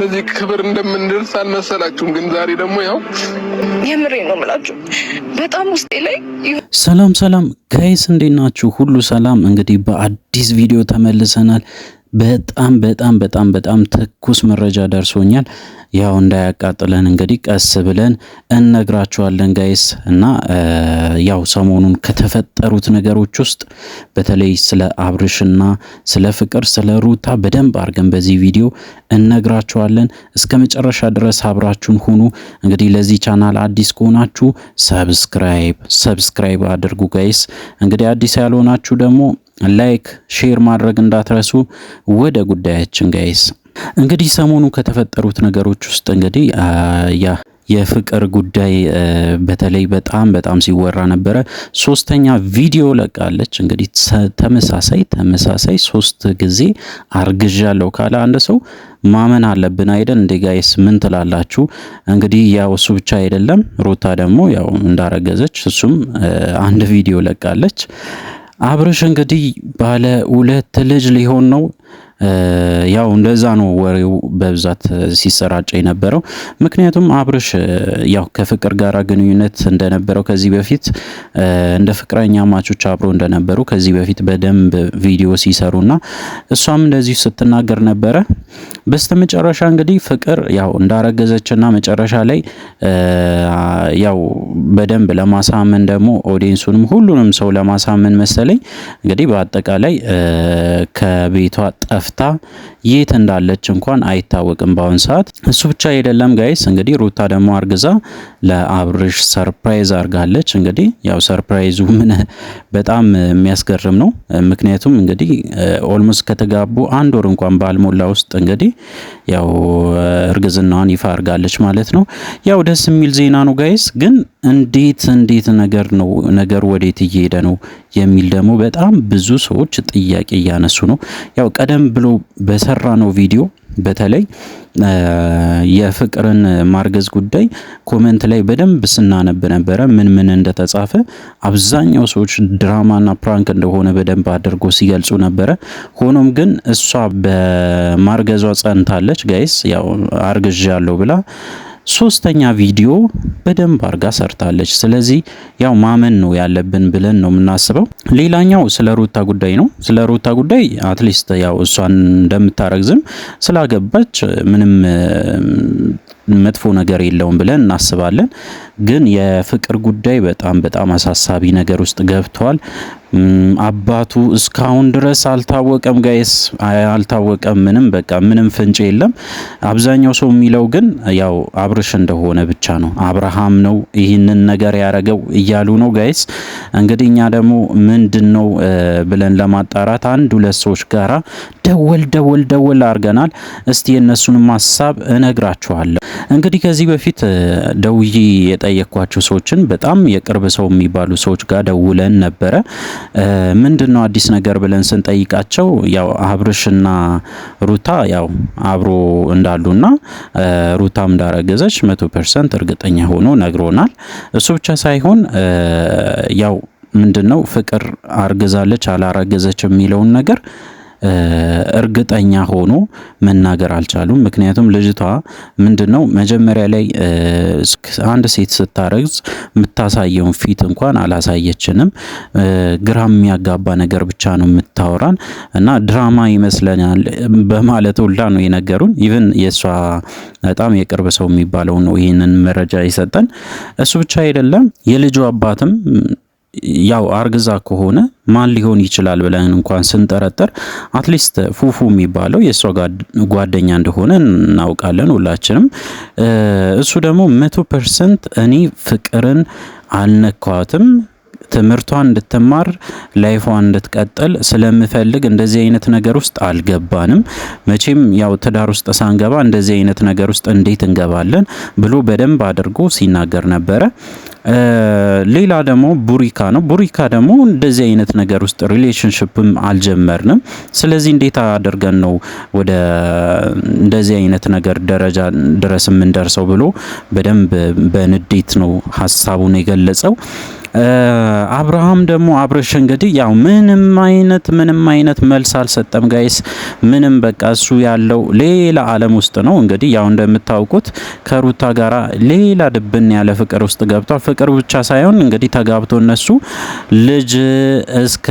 እንደዚህ ክብር እንደምንደርስ አልመሰላችሁም። ግን ዛሬ ደግሞ ያው የምሬ ነው ምላችሁ በጣም ውስጤ ላይ ሰላም ሰላም። ከይስ እንዴት ናችሁ? ሁሉ ሰላም። እንግዲህ በአዲስ ቪዲዮ ተመልሰናል። በጣም በጣም በጣም በጣም ትኩስ መረጃ ደርሶኛል። ያው እንዳያቃጥለን እንግዲህ ቀስ ብለን እነግራችኋለን ጋይስ። እና ያው ሰሞኑን ከተፈጠሩት ነገሮች ውስጥ በተለይ ስለ አብርሽና ስለ ፍቅር ስለ ሩታ በደንብ አድርገን በዚህ ቪዲዮ እነግራችኋለን። እስከ መጨረሻ ድረስ አብራችሁን ሁኑ። እንግዲህ ለዚህ ቻናል አዲስ ከሆናችሁ ሰብስክራይብ ሰብስክራይብ አድርጉ ጋይስ። እንግዲህ አዲስ ያልሆናችሁ ደግሞ ላይክ ሼር ማድረግ እንዳትረሱ። ወደ ጉዳያችን ጋይስ እንግዲህ ሰሞኑ ከተፈጠሩት ነገሮች ውስጥ እንግዲህ ያ የፍቅር ጉዳይ በተለይ በጣም በጣም ሲወራ ነበረ። ሶስተኛ ቪዲዮ ለቃለች። እንግዲህ ተመሳሳይ ተመሳሳይ ሶስት ጊዜ አርግዣለሁ ካለ አንድ ሰው ማመን አለብን አይደል እንዴ ጋይስ? ምን ትላላችሁ? እንግዲህ ያው እሱ ብቻ አይደለም ሩታ ደግሞ ያው እንዳረገዘች እሱም አንድ ቪዲዮ ለቃለች። አብርሽ እንግዲህ ባለ ሁለት ልጅ ሊሆን ነው። ያው እንደዛ ነው ወሬው በብዛት ሲሰራጭ የነበረው። ምክንያቱም አብርሽ ያው ከፍቅር ጋር ግንኙነት እንደነበረው ከዚህ በፊት እንደ ፍቅረኛ ማቾች አብሮ እንደነበሩ ከዚህ በፊት በደንብ ቪዲዮ ሲሰሩና እሷም እንደዚህ ስትናገር ነበረ። በስተመጨረሻ እንግዲህ ፍቅር ያው እንዳረገዘችና መጨረሻ ላይ ያው በደንብ ለማሳመን ደግሞ ኦዲየንሱንም ሁሉንም ሰው ለማሳመን መሰለኝ እንግዲህ በአጠቃላይ ከቤቷ ጠፍ ጠፍታ የት እንዳለች እንኳን አይታወቅም በአሁን ሰዓት። እሱ ብቻ አይደለም ጋይስ እንግዲህ ሩታ ደግሞ አርግዛ ለአብርሽ ሰርፕራይዝ አድርጋለች። እንግዲህ ያው ሰርፕራይዙ ምን በጣም የሚያስገርም ነው። ምክንያቱም እንግዲህ ኦልሞስት ከተጋቡ አንድ ወር እንኳን ባልሞላ ውስጥ እንግዲህ ያው እርግዝናዋን ይፋ አድርጋለች ማለት ነው። ያው ደስ የሚል ዜና ነው ጋይስ። ግን እንዴት እንዴት ነገር ነው ነገር ወዴት እየሄደ ነው የሚል ደግሞ በጣም ብዙ ሰዎች ጥያቄ እያነሱ ነው። ያው ቀደም ብሎ በሰራ ነው ቪዲዮ በተለይ የፍቅርን ማርገዝ ጉዳይ ኮመንት ላይ በደንብ ስናነብ ነበረ፣ ምን ምን እንደተጻፈ አብዛኛው ሰዎች ድራማና ፕራንክ እንደሆነ በደንብ አድርጎ ሲገልጹ ነበረ። ሆኖም ግን እሷ በማርገዟ ጸንታለች። ጋይስ ያው ያለው ብላ ሶስተኛ ቪዲዮ በደንብ አርጋ ሰርታለች። ስለዚህ ያው ማመን ነው ያለብን ብለን ነው የምናስበው። ሌላኛው ስለ ሩታ ጉዳይ ነው። ስለ ሩታ ጉዳይ አትሊስት ያው እሷን እንደምታረግዝም ስላገባች ምንም መጥፎ ነገር የለውም ብለን እናስባለን። ግን የፍቅር ጉዳይ በጣም በጣም አሳሳቢ ነገር ውስጥ ገብቷል። አባቱ እስካሁን ድረስ አልታወቀም፣ ጋይስ አልታወቀም። ምንም በቃ ምንም ፍንጭ የለም። አብዛኛው ሰው የሚለው ግን ያው አብርሽ እንደሆነ ብቻ ነው። አብርሃም ነው ይህንን ነገር ያረገው እያሉ ነው ጋይስ። እንግዲህ እኛ ደግሞ ምንድን ነው ብለን ለማጣራት አንድ ሁለት ሰዎች ጋራ ደወል ደወል ደወል አድርገናል። እስቲ የእነሱንም ሀሳብ እነግራችኋለሁ። እንግዲህ ከዚህ በፊት ደውዬ የጠየኳቸው ሰዎችን በጣም የቅርብ ሰው የሚባሉ ሰዎች ጋር ደውለን ነበረ። ምንድን ነው አዲስ ነገር ብለን ስንጠይቃቸው ያው አብርሽና ሩታ ያው አብሮ እንዳሉና ሩታም እንዳረገዘች መቶ ፐርሰንት እርግጠኛ ሆኖ ነግሮናል። እሱ ብቻ ሳይሆን ያው ምንድን ነው ፍቅር አርግዛለች አላረገዘች የሚለውን ነገር እርግጠኛ ሆኖ መናገር አልቻሉም። ምክንያቱም ልጅቷ ምንድን ነው መጀመሪያ ላይ አንድ ሴት ስታረግዝ የምታሳየውን ፊት እንኳን አላሳየችንም። ግራ የሚያጋባ ነገር ብቻ ነው የምታወራን እና ድራማ ይመስለናል በማለት ሁላ ነው የነገሩን። ኢቨን የእሷ በጣም የቅርብ ሰው የሚባለው ነው ይህንን መረጃ ይሰጠን እሱ ብቻ አይደለም የልጁ አባትም ያው አርግዛ ከሆነ ማን ሊሆን ይችላል ብለን እንኳን ስንጠረጠር አትሊስት ፉፉ የሚባለው የእሷ ጓደኛ እንደሆነ እናውቃለን ሁላችንም። እሱ ደግሞ መቶ ፐርሰንት እኔ ፍቅርን አልነካትም ትምህርቷን እንድትማር ላይፏን እንድትቀጥል ስለምፈልግ እንደዚህ አይነት ነገር ውስጥ አልገባንም። መቼም ያው ትዳር ውስጥ ሳንገባ እንደዚህ አይነት ነገር ውስጥ እንዴት እንገባለን ብሎ በደንብ አድርጎ ሲናገር ነበረ። ሌላ ደግሞ ቡሪካ ነው። ቡሪካ ደግሞ እንደዚህ አይነት ነገር ውስጥ ሪሌሽንሽፕም አልጀመርንም። ስለዚህ እንዴት አድርገን ነው ወደ እንደዚህ አይነት ነገር ደረጃ ድረስ የምንደርሰው ብሎ በደንብ በንዴት ነው ሀሳቡን የገለጸው። አብርሃም ደግሞ አብረሽ እንግዲህ ያው ምንም አይነት ምንም አይነት መልስ አልሰጠም ጋይስ። ምንም በቃ እሱ ያለው ሌላ ዓለም ውስጥ ነው። እንግዲህ ያው እንደምታውቁት ከሩታ ጋራ ሌላ ድብን ያለ ፍቅር ውስጥ ገብቷል። ፍቅር ብቻ ሳይሆን እንግዲህ ተጋብቶ እነሱ ልጅ እስከ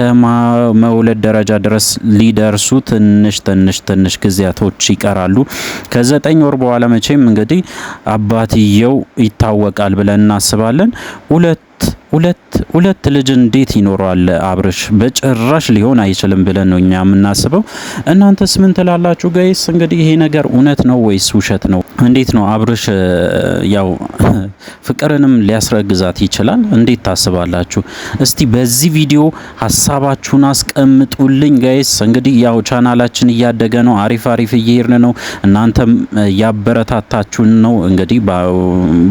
መውለድ ደረጃ ድረስ ሊደርሱ ትንሽ ትንሽ ትንሽ ጊዜያቶች ይቀራሉ። ከዘጠኝ ወር በኋላ መቼም እንግዲህ አባትየው ይታወቃል ብለን እናስባለን ሁለት ሁለት ሁለት ልጅ እንዴት ይኖረዋል አብርሽ? በጭራሽ ሊሆን አይችልም ብለን ነው እኛ የምናስበው። እናንተስ ምን ትላላችሁ ጋይስ? እንግዲህ ይሄ ነገር እውነት ነው ወይስ ውሸት ነው? እንዴት ነው አብርሽ ያው ፍቅርንም ሊያስረግዛት ይችላል? እንዴት ታስባላችሁ? እስቲ በዚህ ቪዲዮ ሀሳባችሁን አስቀምጡልኝ ጋይስ። እንግዲህ ያው ቻናላችን እያደገ ነው፣ አሪፍ አሪፍ እየሄድን ነው። እናንተም እያበረታታችሁን ነው። እንግዲህ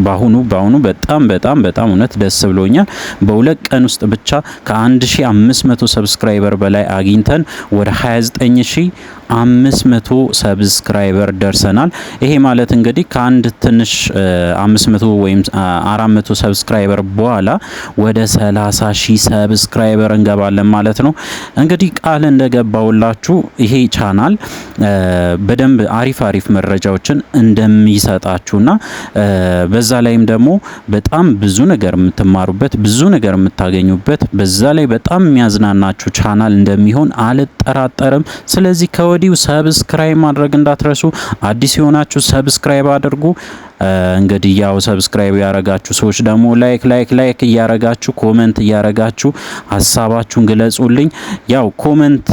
በአሁኑ በአሁኑ በጣም በጣም በጣም እውነት ደስ ብሎኛል። አድርገናል። በሁለት ቀን ውስጥ ብቻ ከ1500 ሰብስክራይበር በላይ አግኝተን ወደ 29 አምስት ሰብስክራይበር ደርሰናል። ይሄ ማለት እንግዲህ ከአንድ ትንሽ አምስት ወይም አራት ሰብስክራይበር በኋላ ወደ ሰላሳ ሺህ ሰብስክራይበር እንገባለን ማለት ነው። እንግዲህ ቃል እንደገባውላችሁ ይሄ ቻናል በደንብ አሪፍ አሪፍ መረጃዎችን እንደሚሰጣችሁና በዛ ላይም ደግሞ በጣም ብዙ ነገር የምትማሩበት ብዙ ነገር የምታገኙበት በዛ ላይ በጣም የሚያዝናናችሁ ቻናል እንደሚሆን አልጠራጠርም። ስለዚህ ከወ ከወዲሁ ሰብስክራይብ ማድረግ እንዳትረሱ። አዲስ የሆናችሁ ሰብስክራይብ አድርጉ። እንግዲህ ያው ሰብስክራይብ ያረጋችሁ ሰዎች ደግሞ ላይክ ላይክ ላይክ እያረጋችሁ ኮመንት እያረጋችሁ ሀሳባችሁን ግለጹልኝ። ያው ኮመንት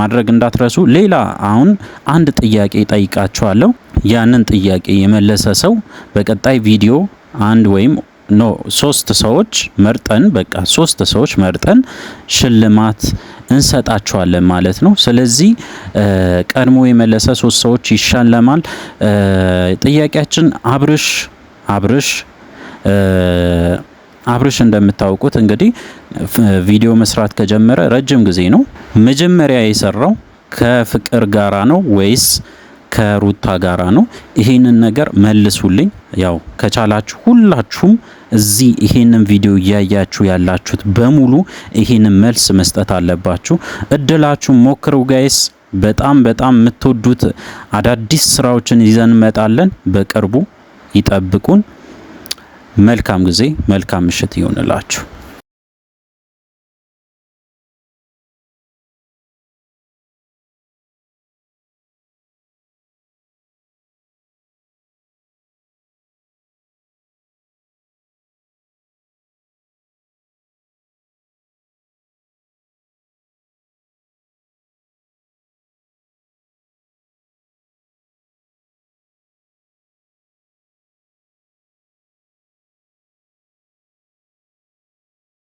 ማድረግ እንዳትረሱ። ሌላ አሁን አንድ ጥያቄ ጠይቃችኋለሁ። ያንን ጥያቄ የመለሰ ሰው በቀጣይ ቪዲዮ አንድ ወይም ኖ ሶስት ሰዎች መርጠን በቃ ሶስት ሰዎች መርጠን ሽልማት እንሰጣቸዋለን ማለት ነው። ስለዚህ ቀድሞ የመለሰ ሶስት ሰዎች ይሻለማል። ጥያቄያችን አብርሽ አብርሽ አብርሽ እንደምታውቁት እንግዲህ ቪዲዮ መስራት ከጀመረ ረጅም ጊዜ ነው። መጀመሪያ የሰራው ከፍቅር ጋራ ነው ወይስ ከሩታ ጋራ ነው? ይህንን ነገር መልሱልኝ። ያው ከቻላችሁ ሁላችሁም እዚህ ይሄንን ቪዲዮ እያያችሁ ያላችሁት በሙሉ ይሄንን መልስ መስጠት አለባችሁ። እድላችሁ ሞክሩ ጋይስ። በጣም በጣም የምትወዱት አዳዲስ ስራዎችን ይዘን እንመጣለን። በቅርቡ ይጠብቁን። መልካም ጊዜ፣ መልካም ምሽት ይሆንላችሁ።